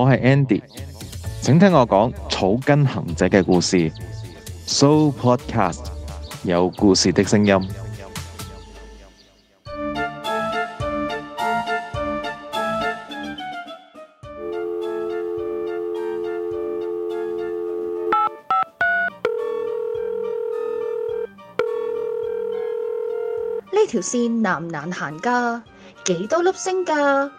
我係 Andy，請聽我講草根行者嘅故事。So Podcast，有故事的聲音。呢條線難唔難行噶？幾多粒星噶？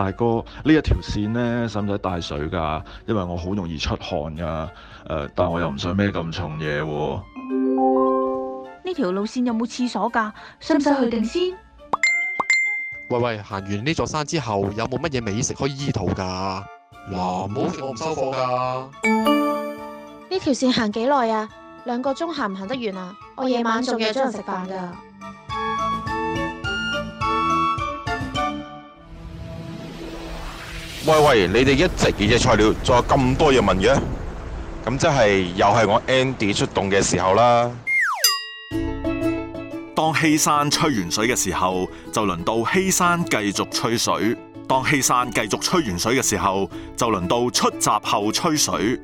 大哥，一條呢一條線呢使唔使帶水噶？因為我好容易出汗噶。誒、呃，但係我又唔想孭咁重嘢、哦。呢條路線有冇廁所噶？使唔使去定先？喂喂，行完呢座山之後有冇乜嘢美食可以醫肚噶？嗱、啊，唔好說我唔收貨噶。呢條線行幾耐啊？兩個鐘行唔行得完啊？我夜晚仲約咗人食飯噶。喂喂，你哋一直嚟嘅材料，仲有咁多嘢問嘅，咁即係又係我 Andy 出動嘅時候啦。當希山吹完水嘅時候，就輪到希山繼續吹水。當希山繼續吹完水嘅時候，就輪到出閘後吹水。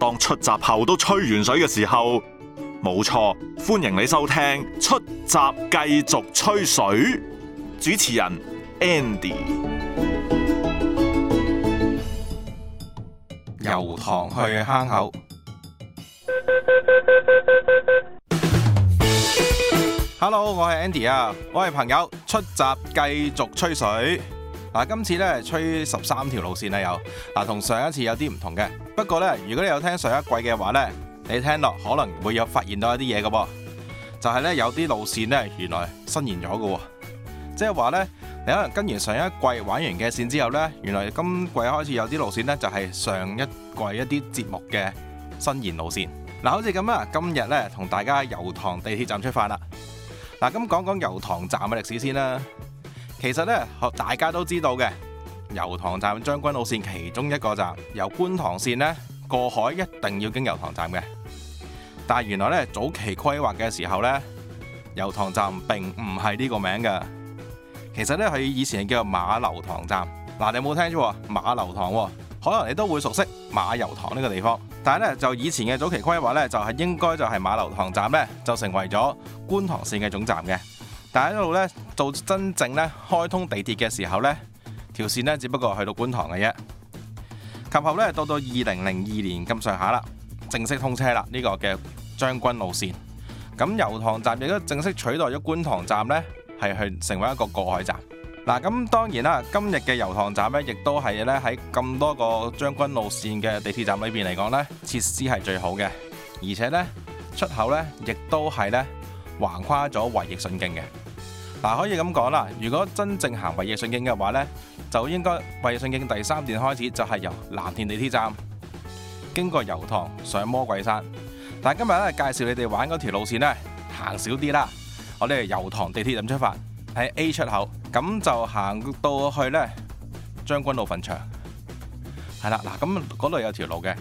當出閘後都吹完水嘅時候，冇錯，歡迎你收聽出閘繼續吹水。主持人 Andy。油塘去坑口。Hello，我係 Andy 啊，我係朋友出閘繼續吹水。嗱，今次咧吹十三條路線啦，有。嗱，同上一次有啲唔同嘅。不過咧，如果你有聽上一季嘅話咧，你聽落可能會有發現到一啲嘢嘅噃，就係咧，有啲路線咧原來伸延咗嘅，即係話咧。跟完上一季玩完嘅線之後呢，原來今季開始有啲路線呢，就係上一季一啲節目嘅新延路線。嗱，好似咁啊，今日呢，同大家油塘地鐵站出發啦。嗱，咁講講油塘站嘅歷史先啦。其實呢，大家都知道嘅，油塘站將軍澳線其中一個站，由觀塘線呢過海一定要經油塘站嘅。但係原來呢，早期規劃嘅時候呢，油塘站並唔係呢個名嘅。其實咧，佢以前係叫做馬游塘站。嗱，你冇聽住，馬游塘，可能你都會熟悉馬游塘呢個地方。但係呢，就以前嘅早期規劃呢，就係應該就係馬游塘站呢就成為咗觀塘線嘅總站嘅。但係一路呢，到真正呢開通地鐵嘅時候呢，條線呢只不過去到觀塘嘅啫。及後呢，到到二零零二年咁上下啦，正式通車啦，呢個嘅將軍路線。咁油塘站亦都正式取代咗觀塘站呢，係去成為一個過海站。嗱，咁當然啦，今日嘅油塘站咧，亦都係咧喺咁多個將軍路線嘅地鐵站裏邊嚟講咧，設施係最好嘅，而且咧出口咧亦都係咧橫跨咗衛奕信徑嘅嗱，可以咁講啦，如果真正行衛奕信徑嘅話咧，就應該衛奕信徑第三段開始就係由藍田地鐵站經過油塘上魔鬼山，但今日咧介紹你哋玩嗰條路線咧，行少啲啦。我哋係油塘地鐵站出發，喺 A 出口，咁就行到去咧將軍路墳場，係啦，嗱，咁嗰度有條路嘅，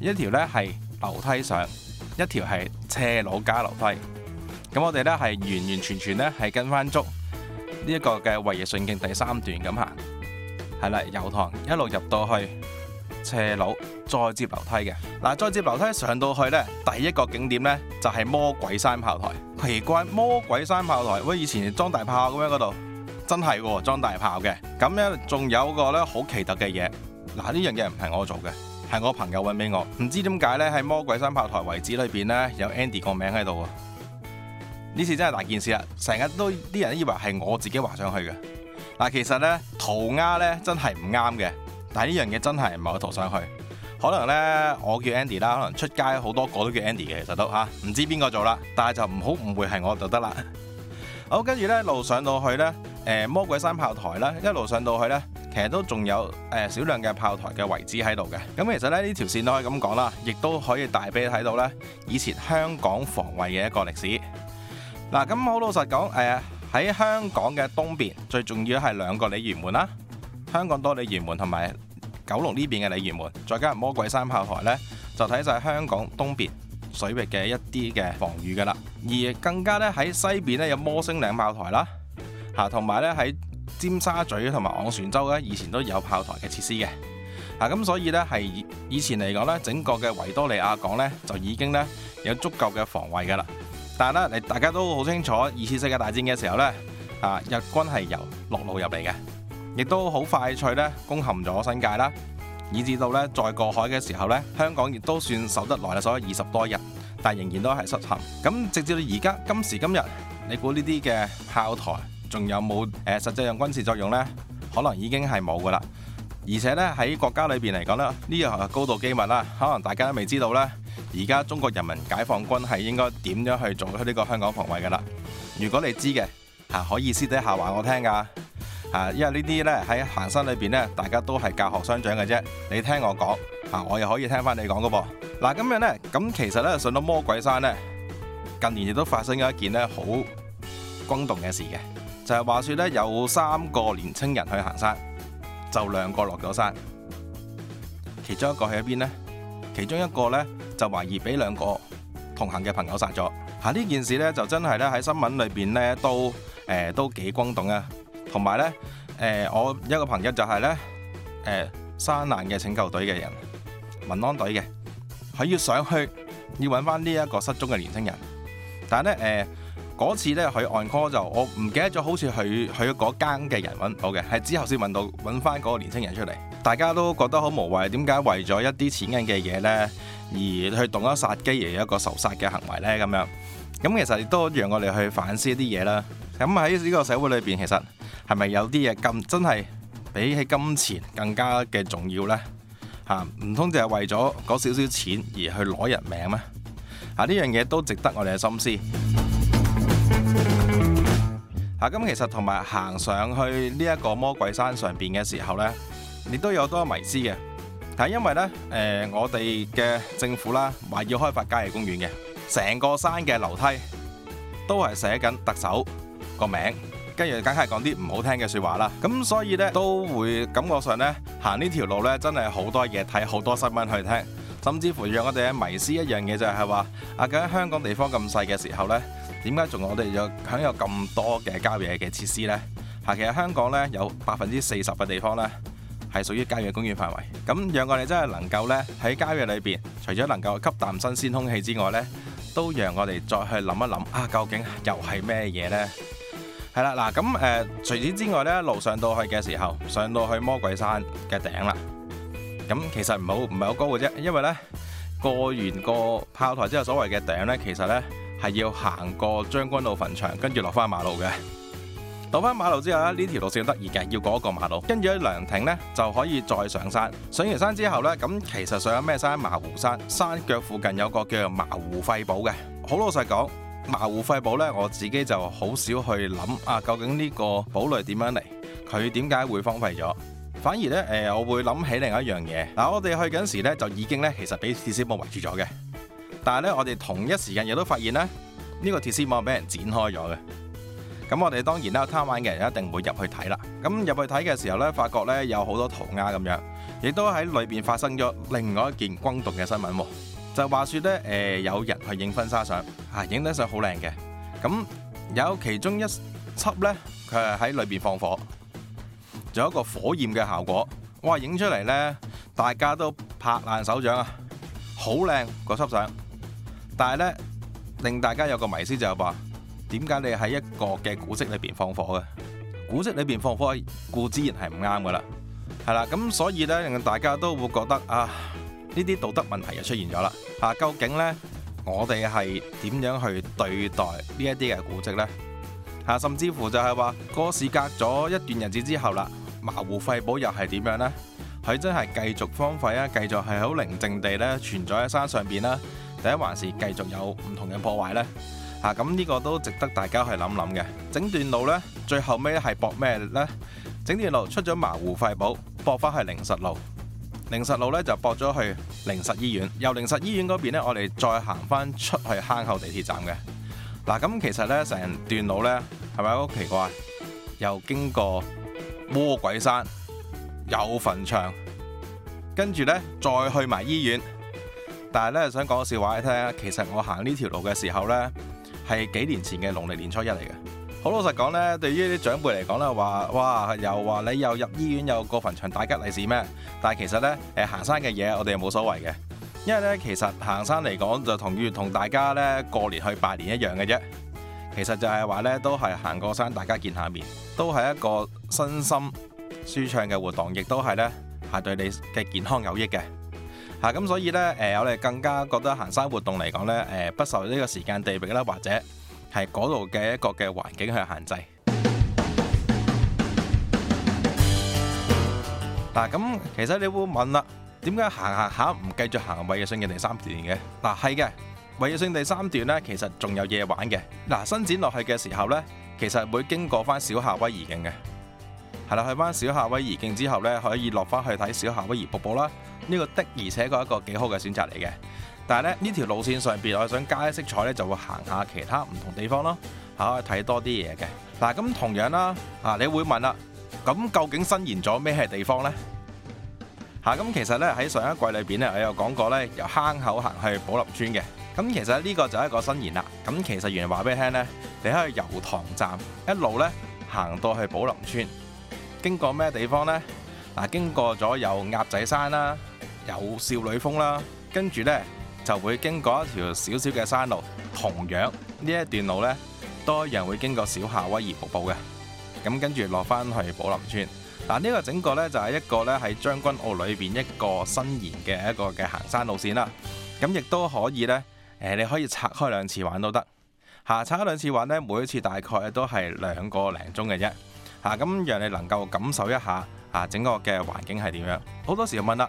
一條咧係樓梯上，一條係斜路加樓梯，咁我哋咧係完完全全咧係跟翻足呢一個嘅衛奕信徑第三段咁行，係啦，油塘一路入到去斜路，再接樓梯嘅，嗱，再接樓梯上到去咧，第一個景點咧就係魔鬼山炮台。奇怪，魔鬼山炮台，喂，以前裝大炮咁樣嗰度，真係喎，裝大炮嘅。咁樣仲有一個咧好奇特嘅嘢，嗱呢樣嘢唔係我做嘅，係我朋友搵俾我，唔知點解咧喺魔鬼山炮台遺址裏邊咧有 Andy 個名喺度，呢次真係大件事啦，成日都啲人都以為係我自己畫上去嘅，嗱其實咧塗鴉咧真係唔啱嘅，但係呢樣嘢真係唔係我塗上去。可能咧，我叫 Andy 啦，可能出街好多個都叫 Andy 嘅。其實都吓，唔知邊個做啦，但係就唔好誤會係我就得啦。好，跟住咧，路上到去咧，誒，魔鬼山炮台啦，一路上到去咧，其實都仲有誒少量嘅炮台嘅遺址喺度嘅。咁其實咧呢條線都可以咁講啦，亦都可以大俾你睇到咧，以前香港防衛嘅一個歷史。嗱，咁好老實講，誒，喺香港嘅東邊最重要係兩個鯉魚門啦，香港多鯉魚門同埋。九龍呢邊嘅鯉魚門，再加入魔鬼山炮台呢就睇晒香港東邊水域嘅一啲嘅防禦噶啦。而更加呢，喺西邊呢，有摩星嶺炮台啦，吓同埋呢，喺尖沙咀同埋昂船洲呢，以前都有炮台嘅設施嘅。啊，咁所以呢，係以前嚟講呢，整個嘅維多利亞港呢，就已經呢，有足夠嘅防衛噶啦。但係呢，你大家都好清楚，二次世界大戰嘅時候呢，啊日軍係由陸路入嚟嘅。亦都好快脆咧攻陷咗新界啦，以至到咧再過海嘅時候咧，香港亦都算守得耐啦，所以二十多日，但仍然都係失陷。咁直至到而家今時今日，你估呢啲嘅炮台仲有冇誒實際上軍事作用呢？可能已經係冇噶啦。而且咧喺國家裏邊嚟講呢，呢樣係高度機密啦。可能大家都未知道呢，而家中國人民解放軍係應該點樣去做呢個香港防衛噶啦。如果你知嘅吓，可以私底下話我聽噶。啊，因為呢啲咧喺行山裏邊咧，大家都係教學相長嘅啫。你聽我講，啊，我又可以聽翻你講噶噃。嗱，咁樣咧，咁其實咧，上到魔鬼山咧，近年亦都發生咗一件咧好轟動嘅事嘅，就係話說咧，有三個年輕人去行山，就兩個落咗山，其中一個去咗邊咧？其中一個咧就懷疑俾兩個同行嘅朋友殺咗。吓，呢件事咧就真係咧喺新聞裏邊咧都誒都幾轟動啊！同埋咧，誒我一個朋友就係咧，誒山難嘅拯救隊嘅人，民安隊嘅，佢要上去要揾翻呢一個失蹤嘅年輕人。但咧誒嗰次咧佢 on call 就我唔記得咗，好似佢去嗰間嘅人揾唔到嘅，係之後先揾到揾翻嗰個年輕人出嚟。大家都覺得好無謂，點解為咗一啲錢銀嘅嘢咧而去動咗殺機而有一個仇殺嘅行為咧？咁樣咁其實亦都讓我哋去反思一啲嘢啦。咁喺呢個社會裏邊，其實係咪有啲嘢咁真係比起金錢更加嘅重要咧？嚇，唔通就係為咗嗰少少錢而去攞人命咩？嚇，呢樣嘢都值得我哋嘅心思。嚇，咁其實同埋行上去呢一個魔鬼山上邊嘅時候咧，你都有好多迷思嘅。但係因為咧，誒我哋嘅政府啦話要開發郊野公園嘅，成個山嘅樓梯都係寫緊特首。個名，跟住梗係講啲唔好聽嘅説話啦。咁所以呢，都會感覺上呢行呢條路呢，真係好多嘢睇，好多新聞去聽，甚至乎讓我哋喺迷思一樣嘢就係話啊。咁喺香港地方咁細嘅時候呢，點解仲我哋有享有咁多嘅郊野嘅設施呢？嚇，其實香港呢有百分之四十嘅地方呢係屬於郊野公園範圍。咁讓我哋真係能夠呢喺郊野裏邊，除咗能夠吸啖新鮮空氣之外呢，都讓我哋再去諗一諗啊，究竟又係咩嘢呢？係啦，嗱咁誒，除此之外咧，一路上到去嘅時候，上到去魔鬼山嘅頂啦。咁其實唔好唔係好高嘅啫，因為咧過完個炮台之後，所謂嘅頂咧，其實咧係要行過將軍澳墳場，跟住落翻馬路嘅。落翻馬路之後咧，呢條路先得意嘅，要過一個馬路，跟住喺涼亭咧就可以再上山。上完山之後咧，咁其實上咗咩山？馬湖山山腳附近有個叫做馬湖廢堡嘅。好老實講。茅湖廢堡咧，我自己就好少去諗啊，究竟呢個堡壘點樣嚟？佢點解會荒廢咗？反而咧，誒，我會諗起另外一樣嘢。嗱，我哋去緊時咧，就已經咧，其實俾鐵絲網圍住咗嘅。但係咧，我哋同一時間亦都發現咧，呢個鐵絲網俾人剪開咗嘅。咁我哋當然啦，貪玩嘅人一定會入去睇啦。咁入去睇嘅時候咧，發覺咧有好多塗鴉咁樣，亦都喺裏邊發生咗另外一件轟動嘅新聞。就話說咧，誒，有人去影婚紗相，啊，影得相好靚嘅，咁有其中一輯咧，佢係喺裏邊放火，仲有一個火焰嘅效果，哇，影出嚟咧，大家都拍爛手掌啊，好靚嗰輯相，但係咧，令大家有個迷思就係話，點解你喺一個嘅古跡裏邊放火嘅？古跡裏邊放火固然係唔啱噶啦，係啦，咁所以咧，令大家都會覺得啊～呢啲道德問題又出現咗啦！嚇，究竟咧我哋係點樣去對待呢一啲嘅古蹟咧？嚇，甚至乎就係話過時隔咗一段日子之後啦，麻湖廢堡又係點樣咧？佢真係繼續荒廢啊，繼續係好寧靜地咧存在喺山上邊啦。第一還是繼續有唔同嘅破壞咧？嚇，咁呢個都值得大家去諗諗嘅。整段路咧，最後尾係駁咩咧？整段路出咗麻湖廢堡，駁返係靈實路。靈實路咧就駁咗去靈實醫院，由靈實醫院嗰邊咧，我哋再行翻出去坑口地鐵站嘅嗱。咁其實咧成段路咧係咪好奇怪？又經過魔鬼山，又墳場，跟住咧再去埋醫院。但係咧想講個笑話畀你聽啊，其實我行呢條路嘅時候咧係幾年前嘅農曆年初一嚟嘅。好老實講咧，對於啲長輩嚟講咧，話哇又話你又入醫院又過墳場打吉利是咩？但係其實咧，誒行山嘅嘢我哋又冇所謂嘅，因為咧其實行山嚟講就同同大家咧過年去拜年一樣嘅啫。其實就係話咧，都係行過山，大家見下面，都係一個身心舒暢嘅活動，亦都係咧係對你嘅健康有益嘅。嚇、嗯、咁所以咧，誒我哋更加覺得行山活動嚟講咧，誒不受呢個時間地域啦，或者。係嗰度嘅一個嘅環境去限制。嗱，咁其實你會問啦，點解行行下唔繼續行衛奕信徑嘅第三段嘅？嗱，係嘅，衛奕信徑第三段呢，的段其實仲有嘢玩嘅。嗱，伸展落去嘅時候呢，其實會經過翻小夏威夷徑嘅。係啦，去翻小夏威夷徑之後呢，可以落翻去睇小夏威夷瀑布啦。呢個的而且確，一個幾好嘅選擇嚟嘅。但係咧，呢條路線上面，我想加啲色彩呢，就會行下其他唔同地方咯，可以睇多啲嘢嘅嗱。咁同樣啦，你會問啦，「咁究竟伸延咗咩地方呢？」咁其實呢，喺上一季裏面呢，我有講過呢，由坑口行去寶林村嘅。咁其實呢個就係一個伸延啦。咁其實原來話俾你聽呢，你可以由油塘站一路呢，行到去寶林村，經過咩地方呢？嗱，經過咗有鴨仔山啦，有少女峰啦，跟住呢。就會經過一條少少嘅山路，同樣呢一段路咧，多樣會經過小夏威夷瀑布嘅。咁跟住落翻去寶林村。嗱、啊，呢、這個整個呢，就係、是、一個呢，喺將軍澳裏邊一個新延嘅一個嘅行山路線啦。咁亦都可以呢，誒你可以拆開兩次玩都得。嚇、啊，拆開兩次玩呢，每一次大概都係兩個零鐘嘅啫。嚇、啊，咁讓你能夠感受一下嚇整個嘅環境係點樣。好多時就問啦。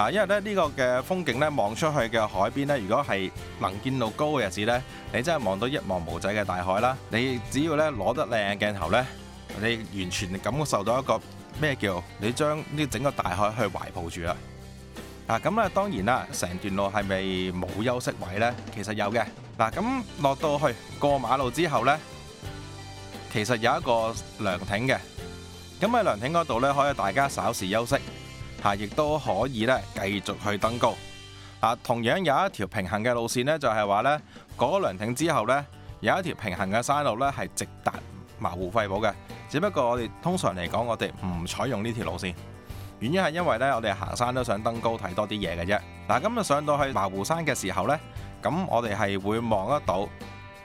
啊，因為咧呢個嘅風景呢，望出去嘅海邊呢，如果係能見度高嘅日子呢，你真係望到一望無際嘅大海啦。你只要呢攞得靚鏡頭呢，你完全感受到一個咩叫你將呢整個大海去懷抱住啦。啊，咁咧當然啦，成段路係咪冇休息位呢？其實有嘅。嗱，咁落到去過馬路之後呢，其實有一個涼亭嘅。咁喺涼亭嗰度呢，可以大家稍事休息。啊！亦都可以咧，繼續去登高。嗱，同樣有一條平行嘅路線咧，就係話咧過涼亭之後咧，有一條平行嘅山路咧，係直達茅湖廢堡嘅。只不過我哋通常嚟講，我哋唔採用呢條路線，原因係因為咧，我哋行山都想登高睇多啲嘢嘅啫。嗱，咁就上到去茅湖山嘅時候咧，咁我哋係會望得到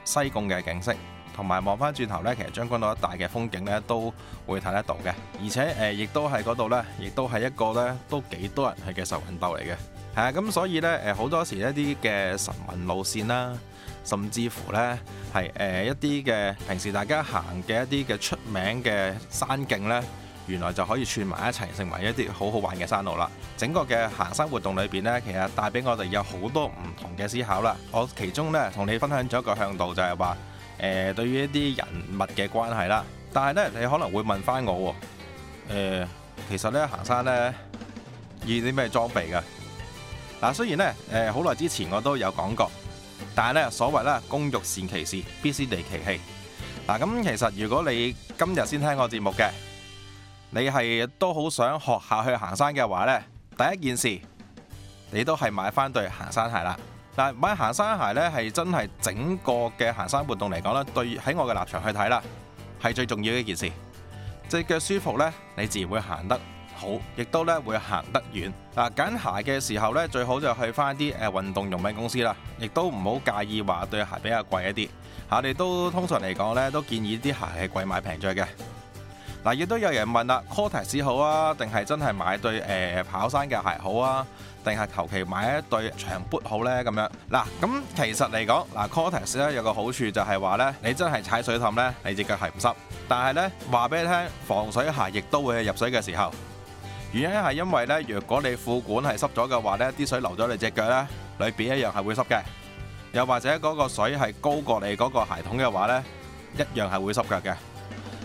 西貢嘅景色。同埋望翻轉頭呢，其實將軍澳一帶嘅風景呢，都會睇得到嘅，而且呃，亦都係嗰度呢，亦都係一個呢，都幾多人去嘅受運鬥嚟嘅係啊。咁所以呢，好多時一啲嘅晨運路線啦，甚至乎呢，係一啲嘅平時大家行嘅一啲嘅出名嘅山徑呢，原來就可以串埋一齊，成為一啲好好玩嘅山路啦。整個嘅行山活動裏面呢，其實帶俾我哋有好多唔同嘅思考啦。我其中呢，同你分享咗一個向道，就係話。誒、呃、對於一啲人物嘅關係啦，但係呢，你可能會問翻我喎、呃，其實呢，行山呢，要啲咩裝備嘅？嗱雖然呢，誒好耐之前我都有講過，但係呢，所謂呢，工欲善其事，必先利其器。嗱、呃、咁其實如果你今日先聽我節目嘅，你係都好想學下去行山嘅話呢，第一件事你都係買翻對行山鞋啦。嗱，買行山鞋呢，係真係整個嘅行山活動嚟講呢，對喺我嘅立場去睇啦，係最重要嘅一件事。隻腳舒服呢，你自然會行得好，亦都呢會行得遠。嗱，揀鞋嘅時候呢，最好就去返啲誒運動用品公司啦，亦都唔好介意話對鞋比較貴一啲。我哋都通常嚟講呢，都建議啲鞋係貴買平著嘅。嗱，亦都有人問啦 Cortex 好啊，定係真係買對誒、呃、跑山嘅鞋好啊？定係求其買一對長 boot 好咧咁樣嗱，咁其實嚟講嗱，Cortex 咧有個好處就係話咧，你真係踩水氹咧，你隻腳係唔濕。但係咧話俾你聽，防水鞋亦都會喺入水嘅時候，原因係因為咧，如果你褲管係濕咗嘅話咧，啲水流咗你隻腳咧，裏邊一樣係會濕嘅。又或者嗰個水係高過你嗰個鞋筒嘅話咧，一樣係會濕腳嘅。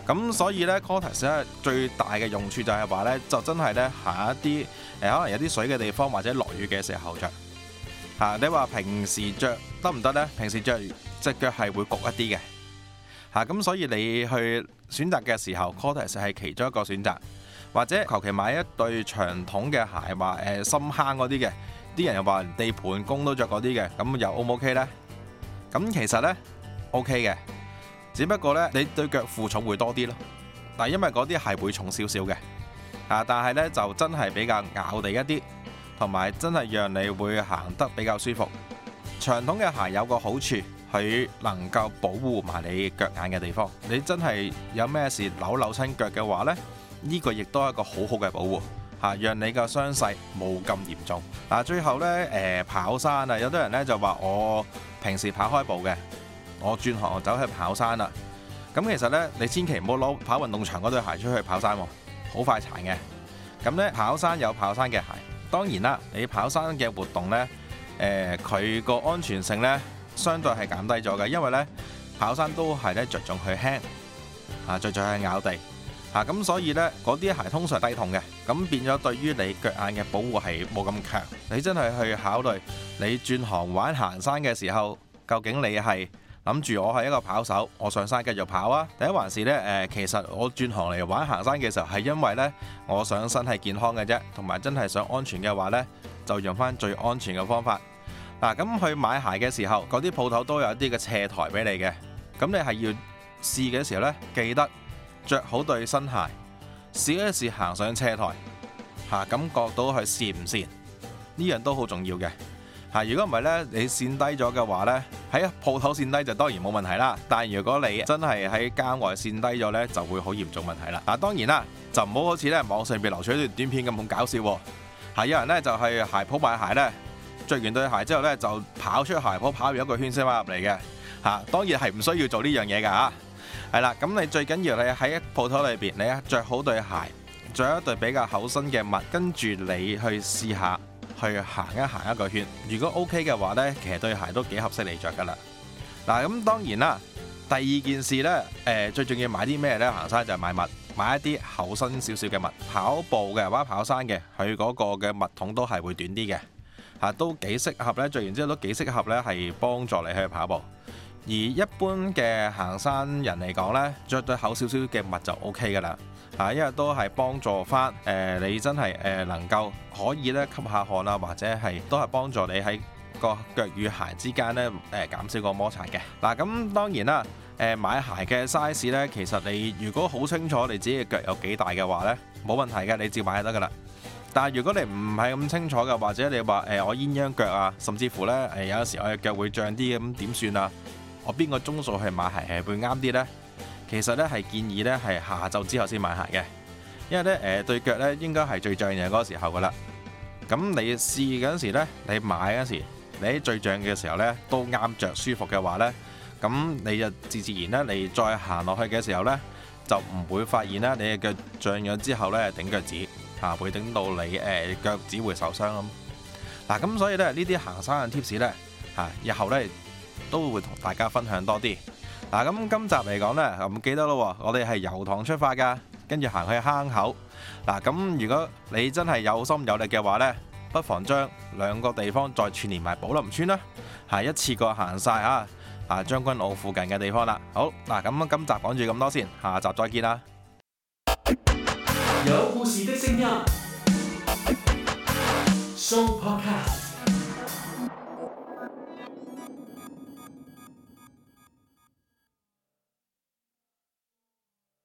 咁所以呢 Gore-Tex 最大嘅用處就係話呢，就真係呢，行一啲誒、呃，可能有啲水嘅地方或者落雨嘅時候着。嚇、啊，你話平時着得唔得呢？平時着隻腳係會焗一啲嘅。嚇、啊，咁所以你去選擇嘅時候 Gore-Tex 係其中一個選擇，或者求其買一對長筒嘅鞋，話誒深坑嗰啲嘅，啲人又話人哋地盤工都着嗰啲嘅，咁又 O 唔 OK 呢？咁其實呢 OK 嘅。可以的。只不過咧，你對腳負重會多啲咯。但因為嗰啲係會重少少嘅，啊，但係呢就真係比較咬地一啲，同埋真係讓你會行得比較舒服。長筒嘅鞋有個好處，佢能夠保護埋你腳眼嘅地方。你真係有咩事扭扭親腳嘅話呢，呢個亦都係一個好好嘅保護，嚇，讓你嘅傷勢冇咁嚴重。嗱，最後呢，誒跑山啊，有啲人呢就話我平時跑開步嘅。我轉行走去跑山啦。咁其實呢，你千祈唔好攞跑運動場嗰對鞋出去跑山喎，好快殘嘅。咁呢，跑山有跑山嘅鞋，當然啦，你跑山嘅活動呢，誒佢個安全性呢，相對係減低咗嘅，因為呢，跑山都係呢着重去輕啊，着重去咬地嚇咁，所以呢，嗰啲鞋通常低筒嘅，咁變咗對於你腳眼嘅保護係冇咁強。你真係去考慮你轉行玩行山嘅時候，究竟你係？諗住我係一個跑手，我上山繼續跑啊！第一還是呢、呃，其實我轉行嚟玩行山嘅時候，係因為呢，我想身體健康嘅啫，同埋真係想安全嘅話呢，就用翻最安全嘅方法。嗱、啊，咁去買鞋嘅時候，嗰啲鋪頭都有一啲嘅斜台俾你嘅。咁你係要試嘅時候呢，記得着好對新鞋，試一試行上斜台嚇、啊，感覺到佢跣唔跣？呢樣都好重要嘅吓。如果唔係呢，你跣低咗嘅話呢。喺鋪頭跣低就當然冇問題啦，但係如果你真係喺街外跣低咗呢，就會好嚴重問題啦。嗱，當然啦，就唔好好似咧網上邊流出一段短片咁咁搞笑喎。嚇，有人呢就喺鞋鋪買鞋呢，着完對鞋之後呢，就跑出鞋鋪，跑完一個圈先翻入嚟嘅。嚇，當然係唔需要做呢樣嘢㗎嚇。係啦，咁你最緊要你喺鋪頭裏邊，你着好對鞋，着一對比較厚身嘅襪，跟住你去試下。去行一行一個圈，如果 OK 嘅話呢，其實對鞋都幾合適你着噶啦。嗱，咁當然啦，第二件事呢，誒、呃，最重要買啲咩呢？行山就係買襪，買一啲厚身少少嘅襪，跑步嘅或者跑山嘅，佢嗰個嘅襪筒都係會短啲嘅，吓都幾適合呢。着完之後都幾適合呢，係幫助你去跑步。而一般嘅行山人嚟講呢，着對厚少少嘅襪就 OK 噶啦。啊，因為都係幫助翻誒你真係誒能夠可以咧吸下汗啊，或者係都係幫助你喺個腳與鞋之間咧誒減少個摩擦嘅。嗱，咁當然啦，誒買鞋嘅 size 咧，其實你如果好清楚你自己嘅腳有幾大嘅話咧，冇問題嘅，你照買就得噶啦。但係如果你唔係咁清楚嘅，或者你話誒我鴛鴦腳啊，甚至乎咧誒有時我嘅腳會脹啲咁點算啊？我邊個鐘數去買鞋係會啱啲咧？其實咧係建議咧係下晝之後先買鞋嘅，因為咧誒對腳咧應該係最脹嘅嗰個時候噶啦。咁你試嗰陣時咧，你買嗰陣時，你最脹嘅時候咧都啱着舒服嘅話咧，咁你就自自然啦，你再行落去嘅時候咧，就唔會發現啦。你嘅腳脹咗之後咧，頂腳趾嚇、啊，會頂到你誒呃、腳趾會受傷咁。嗱咁所以咧呢啲行山嘅 tips 咧嚇，日後咧都會同大家分享多啲。嗱，咁今集嚟講呢，唔記得咯，我哋係油塘出發噶，跟住行去坑口。嗱，咁如果你真係有心有力嘅話呢，不妨將兩個地方再串連埋寶林村啦，吓，一次過行晒吓，啊，將軍澳附近嘅地方啦。好，嗱，咁今集講住咁多先，下集再見啦。有故事音。